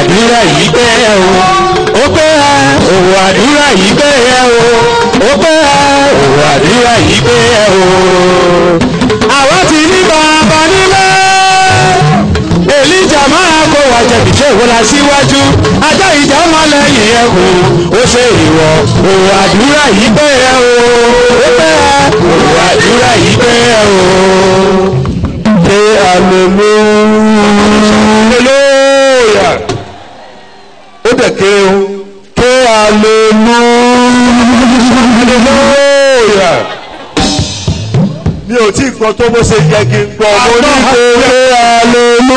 àdúrà yìí pé ẹ o ó pé ẹ òwò àdúrà yìí pé ẹ o ó pé ẹ òwò àdúrà yìí pé ẹ o. àwa ti ní bàbá nílé èlíjà máa kó wa jẹ̀bi ṣé ìwọ la síwájú ajá ìjà máa lẹ́yìn ẹkùn ó ṣe ìwọ òwò àdúrà yìí pé ẹ o ó pé ẹ òwò àdúrà yìí pé ẹ o. ṣé àmì mú un. dẹ̀ ké o ké aleluya mi ò tí gbọ́ tó bó ṣe yẹ kí n gbọ́ mo ní kó ké aleluya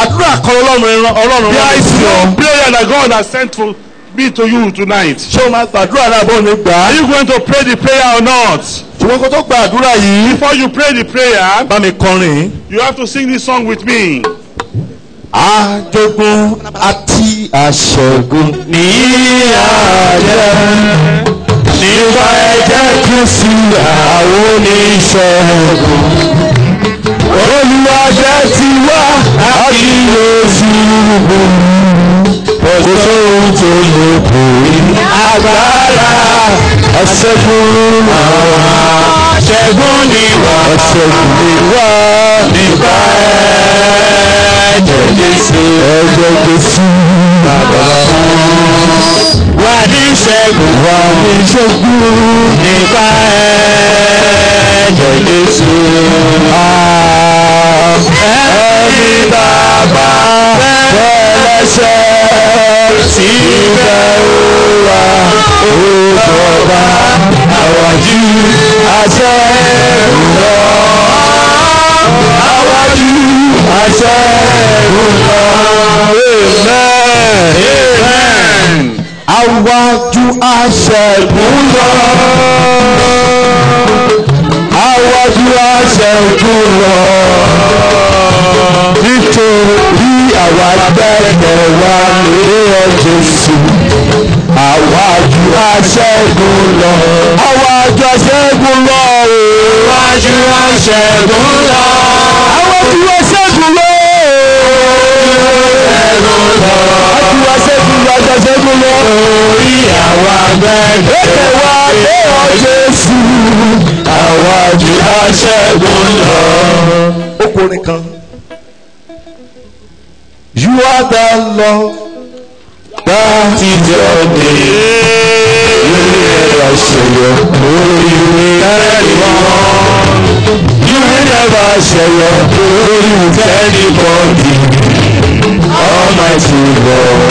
àdúrà kan ọlọ́run ẹran ọlọ́run rẹ. there is no prayer that God has sent to me to you tonight. ṣé o máa gbàdúrà náà bó ni gbà. are you going to pray the prayer or not? ṣùgbọ́n kó tó gba àdúrà yìí. before you pray the prayer. bá mi kọrin. you have to sing this song with me. àjogún àti àṣẹgun ní àjẹ nípa ẹ̀jẹ̀ Kristi àwọn oníṣẹ́gun. olùwàjẹ ti wá àti yóò ṣubú kò sóhun tó lè kù agbára ọ̀ṣẹ́gun àwa ṣẹ́gun ni wá ọ̀ṣẹ́gun ni wá nípa ẹ̀jẹ̀ jésù ẹ̀jẹ̀ jésù bàbá fún wà ní ṣẹ́gun wà ní ṣẹ́gun nípa ẹ̀jẹ̀ jésù. wa òjọba àwájú àṣẹ ńlọ àwájú àṣẹ ńlọ amen amen àwájú àṣẹ ńlọ àwájú àṣẹ ńlọ nítorí àwa gbẹ̀gbẹ̀ wa lórí ọjọ́ ìṣòro àwa ju aṣẹ́gun lọ. àwa ju aṣẹ́gun lọ o. àwa ju aṣẹ́gun lọ. àwa ju aṣẹ́gun lọ. àwa ju aṣẹ́gun lọ. àwa ju aṣẹ́gun lọ. orí àwa bẹ́ẹ̀ lè wá lé ọ Jésù. àwa ju aṣẹ́gun lọ. ó kọrin kan. You are the Lord láti jáde lórí ẹ̀rọ àṣeyọ lórí kẹ́rẹ́lì wọn. You will never àṣeyọ lórí kẹ́rẹ́lì bọ́ọ̀dì. Almighty God,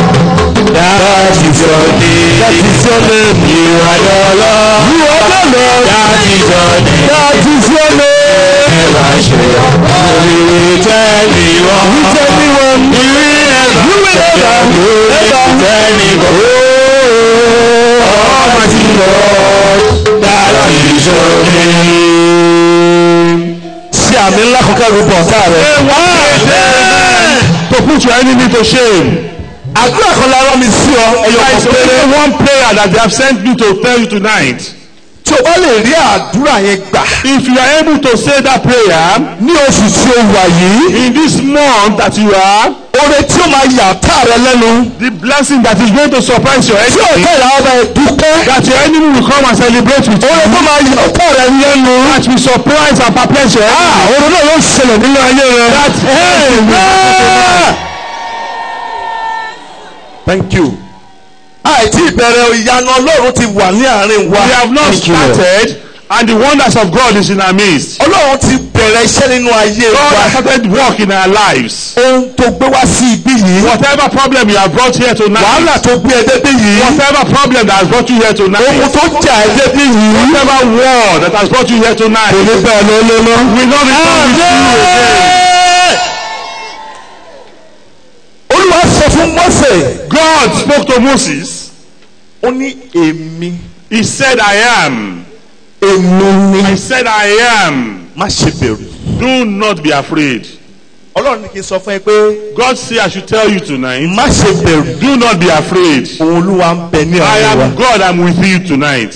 that is your name. That is your name. You are the Lord. You are the Lord. That is your name. That is your name. Never àṣeyọ lórí kẹ́rẹ́lì. àmì ńlá kankan rúbọ ọ̀tá rẹ. to put your enemy to shame. àdúrà kan la rán mi sí ọ ẹyọ kan péré. there is one prayer that they have sent me to tell you tonight. tí o bá lè rí àdúrà yẹn gbà. if you are able to say that prayer. ní oṣù tí o wà yìí. in this month that you are. Oore tí ó máa yà tá rẹ lẹ́nu. The blessing that is going to surprise your enemy. Tí o tẹ̀lé ọba ìdúpẹ́. That your enemy will come and celebrate with you. Oore tó máa yà tá rẹ lẹ́nu. That will surprise and perplex your ah, enemy. Ah! Oore náà yóò ṣẹlẹ̀ nínú ayé rẹ. That amen. Thank you. Àìtí ìbẹ̀rẹ̀ ìyanu Ọlọ́run ti wà ní àárín wa. We have not started and the wonders of God is in our midst. Ọlọ́run ti bẹ̀rẹ̀ iṣẹ́ nínú ayé wa. God has started work in our lives. Ohun tó gbé wá sí ibí yìí. Whatever problem you have brought here tonight. Wàhálà tó gbé ẹdẹ bí yìí. Whatever problem that has brought you here tonight. Ohun tó jà ẹdẹ bí yìí. Whatever war that has brought you here tonight. Kò ní bẹ́ẹ̀ lọ lọ lọ. We no return with you again. Olúwa sọ fún Mósè. God spoke to Moses. Ó ní èmi. He said I am èmi I said I am. Má ṣe bẹ̀rù. Do not be afraid. Ọlọ́run ní kí n sọ fún ẹ pé. God say I should tell you tonight. Má ṣe bẹ̀rù. Do not be afraid. Olúwa ń bẹ ní ọ̀rẹ́ wa. I am God I am with you tonight.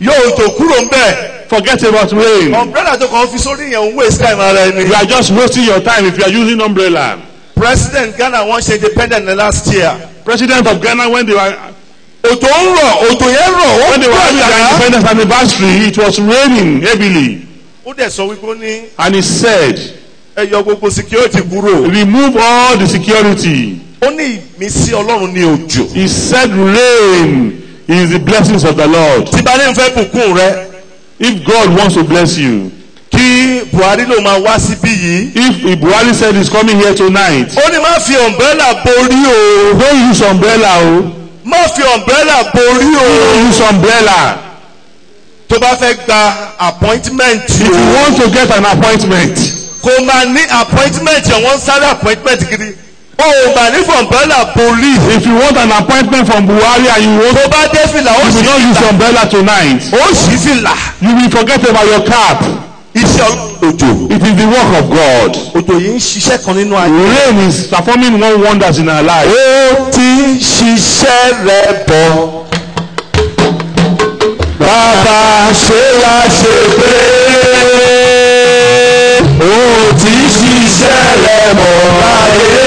Yóò tó kúrò ń bẹ̀. Forget about rain. Umbrella tó kàn fi sórí yẹn ń waste time ara ẹni. You are just wasting your time if you are using umbrella. President Ghana wan ṣe independent last year. President of Ghana when they were òjò ń rọ̀ òjò yẹn rọ̀ ó ń rọ̀ ìyá. when they were having their independence anniversary it was raining heavily. ó dẹ̀ sọ wípé ó ní. and he said. ẹ yọ gbogbo security kúrò. remove all the security. ó ní ìmísí ọlọ́run ní òjò. he said rain is the blessings of the lord. tí balẹ̀ ń fẹ́ bùkún rẹ. if God wants to bless you. kí buhari ló máa wá síbí yìí. if buhari said he is coming here tonight. ó ní má fi umbrella borí o. don't use umbrella o. Oh má fi umbrella borí o. use umbrella. tó bá fẹ́ gba appointment. if you want to get an appointment. kò máa ní appointment yẹn wọ́n sáré appointment gidi. o ò máa ní for umbrella borí. if you want an appointment from Buhari and you want. tó bá dé fìlà ó sì fìlà. you will not use umbrella tonight. ó sì fìlà. you will forget about your card iṣẹ́ òjò. it is the work of God. òjò yìí ń ṣiṣẹ́ kan nínú ayé. rain is performing one wonders in our life. ó ti ń ṣiṣẹ́ rẹ̀ bọ̀. bàbá ṣe wá ṣe pé ó ti ṣiṣẹ́ rẹ̀ bọ̀ láyé.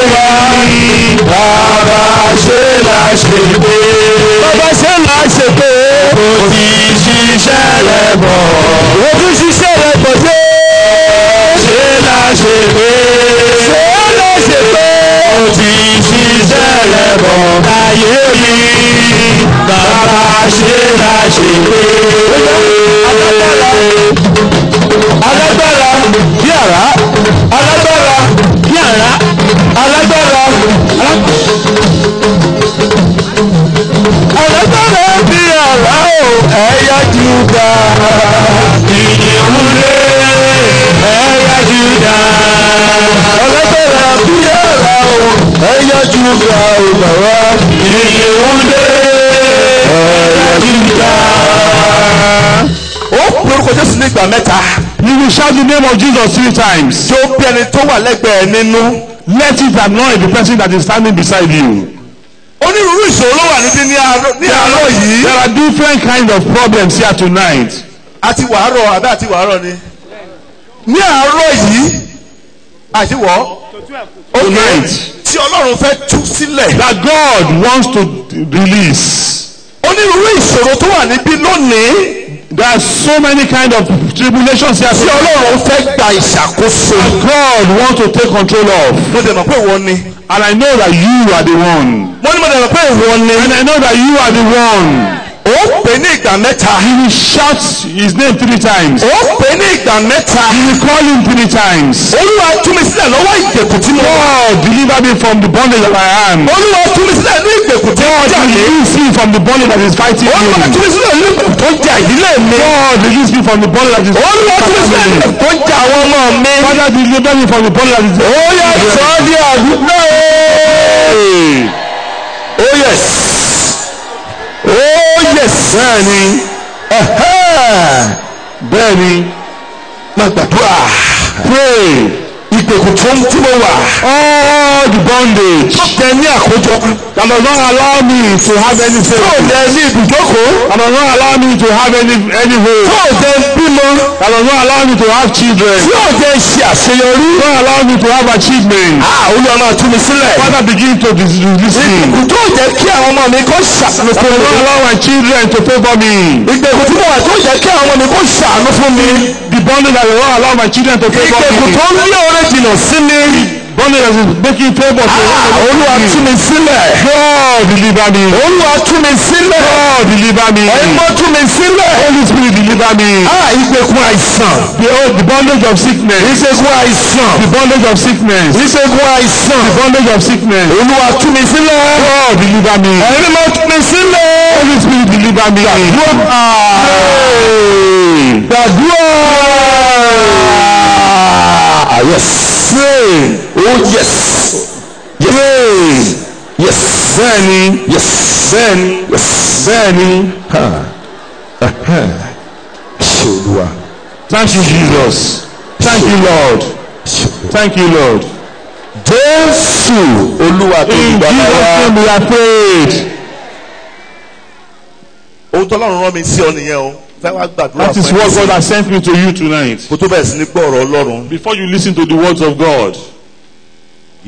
Júdà. Ìdìrú lé ẹ̀yà Júdà. Ọlọ́gbẹ̀rẹ̀ àbúyọ̀ ọ̀la o, ẹ̀yà Júdà ò bà wá. Ìdìrú Ó lórúkọ Jésù ní ìgbà mẹ́ta. You will shout the name of Jesus three times. Tí ó bí ẹni tó wà lẹ́gbẹ̀ẹ́ nínú. Let it annoy the person that is standing beside you ìṣòro wà níbí ní àárọ̀ yìí. there are different kinds of problems here tonight. àti wàárọ̀ àbẹ́ àti wàárọ̀ ni. ní àárọ̀ yìí àti wọ́. tonight. tí ọlọ́run fẹ́ tú sílẹ̀. that God wants to release. onírúurú ìṣòro tó wà níbí lónìí. There are so many kind of tribulations here. Tí Ọlọ́run fẹ́ gba ìṣàkóso. God want to take control of. Mo dẹ̀ mọ̀ pé ìwọ ni. And I know that you are the one. Mo ní mo dẹ̀ mọ̀ pé ìwọ ni. And I know that you are the one ó pè ní ìgbà mẹ́ta. he will shout his name three times. ó pè ní ìgbà mẹ́ta. he will call him three times. olúwa tú mi sílẹ̀ lọ́wọ́ ìgbèkùn tí God deliver me from the bondage that I am. olúwa tú mi sílẹ̀ ní ìgbèkùn tí God release me from the bondage that is fighting me. olúwa tú mi sílẹ̀ ní ìgbèkùn tó jà ìdílé mi. God release me from the bondage that is fighting me. olúwa tú mi sílẹ̀ ní ìgbèkùn tó jà àwọn ọmọ mi. Father deliver me from the bondage that is oh, fighting me. àdúgbò. Oh yes oh yes. bẹ́ẹ̀ni bẹ́ẹ̀ni má gbàdúrà pray ìgbèkùn tó ń tí mo wà all the bondage. tọ́tẹ̀ ní àkójọ. Ramadan allow me to have any faith. Tó dẹ̀ ní ibùjókòó. Ramadan allow me to have any any hope. Tó dẹ̀ bímọ. Ramadan allow me to have children. Tó dẹ̀ ṣe àṣeyọrí. Ramadan allow me to have achievement. Ah olúwa máa tú mi sílẹ̀. Father begin to release this thing? dẹ̀ kí àwọn ọmọ mi kó ṣàánú fún mi. Ramadan allow my children to pay for me. Ìgbèkùn tí mo wà tó dẹ̀ kí àwọn ọmọ mi kó ṣàánú fún mi. The bonding that Ramadan allow my children to pay for me. Ìgbèkùn tó ń lé oore jìnnà sí mi. God is making favour to one of Olúwa tú mi sílẹ̀. God deliver me. Olúwa tú mi sílẹ̀. God deliver me. Ẹ̀mọ́ tú mi sílẹ̀. Holy spirit deliver me. Ah ìgbèkùn àìsàn. The old the bondage of sickness. Ìṣègùn àìsàn. The bondage of sickness. Ìṣègùn àìsàn. The bondage of sickness. Olúwa tú mi sílẹ̀. God deliver me. Ẹ̀mọ́ tú mi sílẹ̀. Holy spirit deliver me. Gbàdúrà. Gbàdúrà. Ah, yes oh yes yes yes bẹ́ẹ̀ni yes bẹ́ẹ̀ni yes bẹ́ẹ̀ni ha ṣe olúwa thank you Jesus thank you Lord thank you Lord Jésù olúwa tó gbàgbà wa in Jesus name we are prayed ohun tó lọ́run rán mi sí ọ nìyẹn o that is what God has sent me to you tonight. kó tó bẹ̀rẹ̀ sí ní gbọ́ ọ̀rọ̀ Ọlọ́run. before you listen to the words of God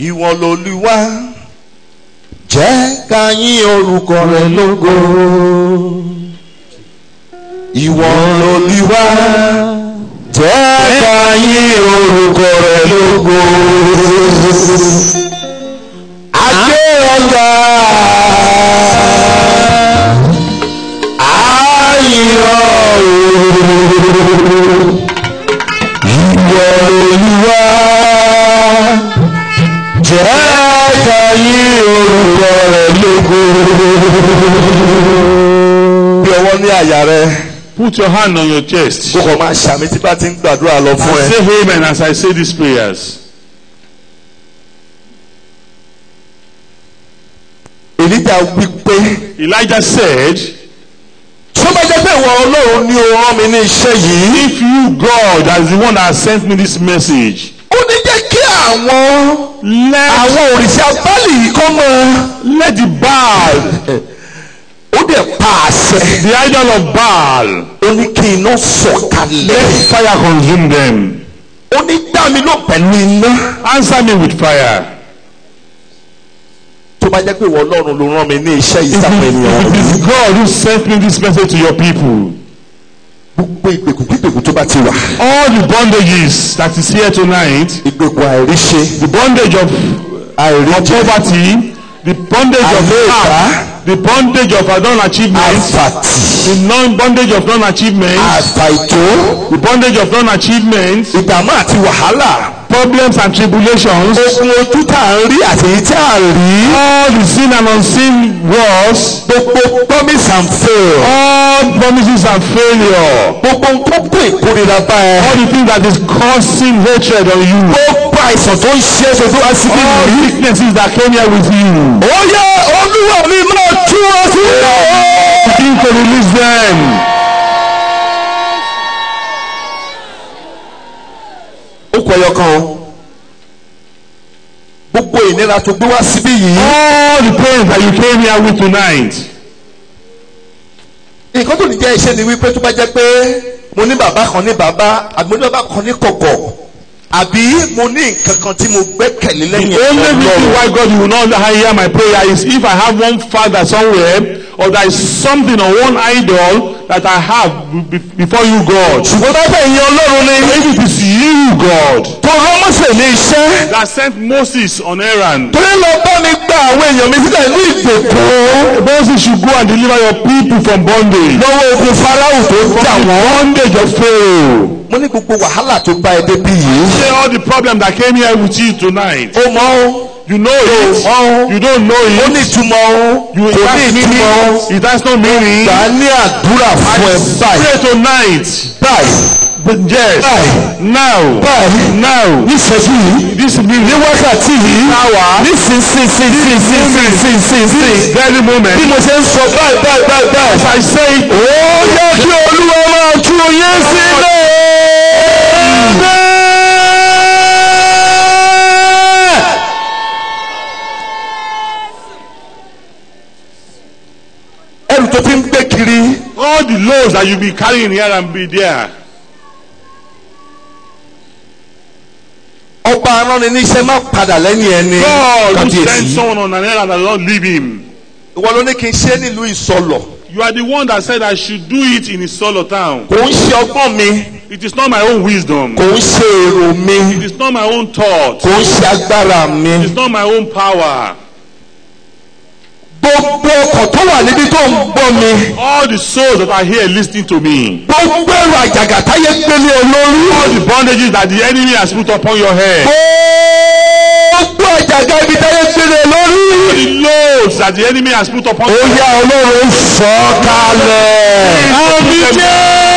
ìwọ lolúwa. jẹ́ ká yín orúkọ rẹ lógo. ìwọ lolúwa. jẹ́ ká yín orúkọ rẹ lógo. ajé ọjà. ayọ̀ ìwọ lolúwa. Bí ọwọ́ ní àyà rẹ. Put your hand on your chest. Kókò máa ṣàmì tí bá ti ń gbàdúrà lọ fún ẹ. I say amen as I say these prayers. Elijah wí pé. Elijah said. Tó ìwọ Ọlọ́run ni o rán mi ní iṣẹ́ yìí. If you God as the one that sent me this message. Ó ní jẹ́ kí àwọn let àwọn òrìṣà báàlì yìí kọ́ let the Baal ó dẹ̀ pàṣẹ. the idol of Baal. ó ní kí iná sọ̀kalẹ̀. let fire consume them. ó ní dá mi ló pẹ̀lú iná. answer me with fire tó bá jẹ́ pé ìwọ ọlọ́run ló rán mi ní iṣẹ́ yìí sáfẹ́ ènìyàn. it is God who sent me this message to your people. gbogbo ìgbèkùn tó bá ti wà. all the bondages that is here tonight. ìgbèkùn àìríṣe. the bondage of àìrí of poverty the bondage of lack the bondage of non-achievement àfàtì the non bondage of non-achievement àfàìtó the bondage of non-achievement ìdààmú àti wàhálà problems and tribulations. ohun ojú tá ń rí àti èyí tí à rí. all the seen and unseen wars. gbogbo promise and fail. all promises and failure. gbogbo gbogbo ìkórira bá all the things that is causing hatred on you. gbogbo àìsàn tó ń ṣe é ṣojú wá sí bí mi. all sicknesses that came here with you. ó yẹ olúwa mi máa. àdúrà tó gbé wá síbí yìí. all the prayers that you came here with tonight. nǹkan tó ní jẹ́ iṣẹ́ ni wípé tó bá jẹ́ pé mo ní bàbá kan ní bàbá àbí mo ní bàbá kan ní kọ̀kọ̀ àbí mo ní nǹkan kan tí mo gbẹ́kẹ̀lé lẹ́yìn. the only reason why God will not hear my prayer is if I have one father somewhere or there is something or one idol that I have before you God. ṣùgbọ́n tó bẹ̀ yín ọlọ́run ni. if it is you God. tó rán Mósè ní iṣẹ́. that sent Moses on errand. torí lọ bá mi gba àwọn èèyàn mi sílẹ̀ ní ìgbèkùn. Moses should go and deliver your people from bondage. lọ́wọ́ ogun Fáráò tó jà wọ́n. bondage of Pharaoh mo ní gbogbo wàhálà tó bá ẹ débi yìí. say all the problem that came here with you tonight. ó mọ o you know it you don't know it ó tomorrow. ìtumọ̀ o kò ní ìtumọ̀ it does not mean it. gbà á ní àdúrà fún ẹ báyìí. pray tonight. báyìí. Yes. Báyìí. Now. Báyìí. Now. This Níṣẹ́jú yìí. This minute. Ní wákàtí yìí. Náwà. Ah. Nísinsinsinsinsinsinsinsin. This very moment. Bí mo ṣe ń sọ báyìí báyìí báyìí báyìí. As I say. Ó yẹ kí Olúwa máa tú oyé sílẹ̀. Bẹ́ẹ̀. tó ti ń gbé kiri. all the loads that you be carrying here and be there. ọba aránni níṣẹ́ má padà lẹ́yìn ẹni kábíyèsí. God who sent someone on an errand and not leave him. ìwọ ló ní kí n ṣe nílùú ìsọlọ. you are the one that said I should do it in Isolo town. kò ń ṣe ọgbọ́n mi. it is not my own wisdom. kò ń ṣe èrò mi. it is not my own thought. kò ń ṣe agbára mi. it is not my own power. Gbogbo ọkọ̀ tó wà níbi tó ń gbọ́ mi. All the souls that are here listening to me. Gbogbo ẹrù àjàgà táyé gbélé olórí. All the bondages that the enemy has put upon your head. Gbogbo àjàgà ibi táyé gbélé olórí. All the loads that the enemy has put upon your head. Ó yá Ọlọ́run fọ́ kalẹ̀. Àmì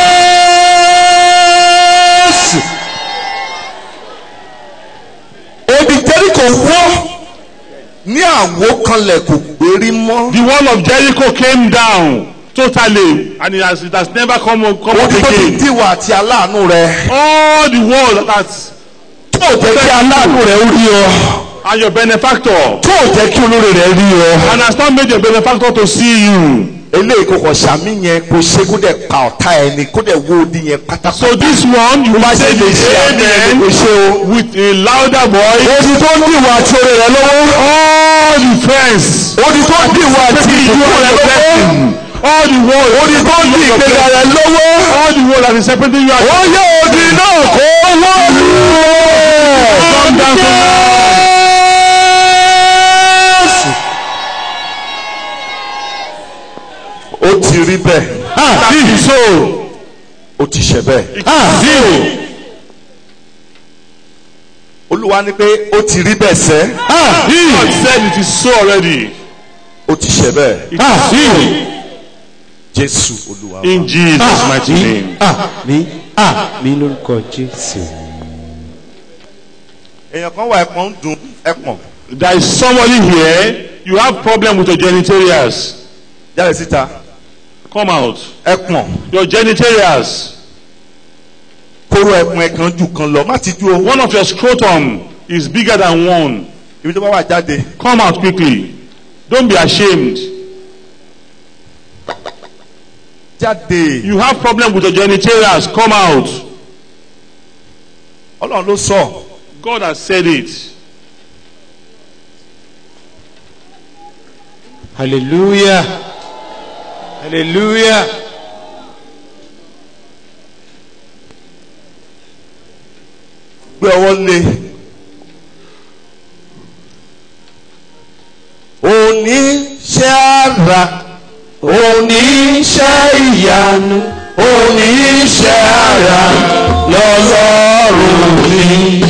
ní àwo kanlẹ̀ kò gbérí mọ́. the wall of Jericho came down totally and it has, it has never come, up again. ó ti di ìwà àti rẹ. all the world that. tó jẹ́ kí aláàánú rẹ ó rí ọ. and your benefactor. tó jẹ́ kí olórí rẹ rí ọ. and has not made your benefactor to see you eléyìí kò kọ sàmì yẹn kò ṣe kó dẹ ka ọ̀tá ẹ ni kó dẹ wo odi yẹn pátákó. so this one you say the amen with a louder voice. odi tó ń dìwọ̀ àti orí rẹ lọ́wọ́. all the friends. odi tó ń dìwọ̀ àti ìdúró rẹ lọ́wọ́. all the world. odi tó ń di ìpèsè rẹ lọ́wọ́. all the world and the separating you are. wọ́n yẹ odi náà kó wọ́ọ̀lù. come down to now. àmín ah, so O ti ṣe bẹ́ẹ̀ àmín ah, olúwa ni pé ó ti rí bẹ́ẹ̀ sẹ́ ah, God said it is so already O ti ṣe bẹ́ẹ̀ àmín jésù olúwa wa in Jesus mighty name àmín àmín lórúkọ jésù. èèyàn kan wà ẹ̀pọ̀n ń dùn ẹ̀pọ̀n. there is somebody here you have problem with your genitals. jáde síta come out. ẹpọ̀n. your genitals. kóró ẹpọ̀n ẹ̀kan jù kan lọ má ti ju o. one of your scrotum is bigger than one. ibi tó bá wà jáde. come out quickly don't be ashamed. jáde. you have problem with your genitals come out. ọlọ́run ló sọ. God has said it. hallelujah. Hallelujah. Gbé ọwọ́ lé. Oníṣẹ́ àrà. Oníṣẹ́ ìyanu. Oníṣẹ́ àrà lọ́lọ́run ni.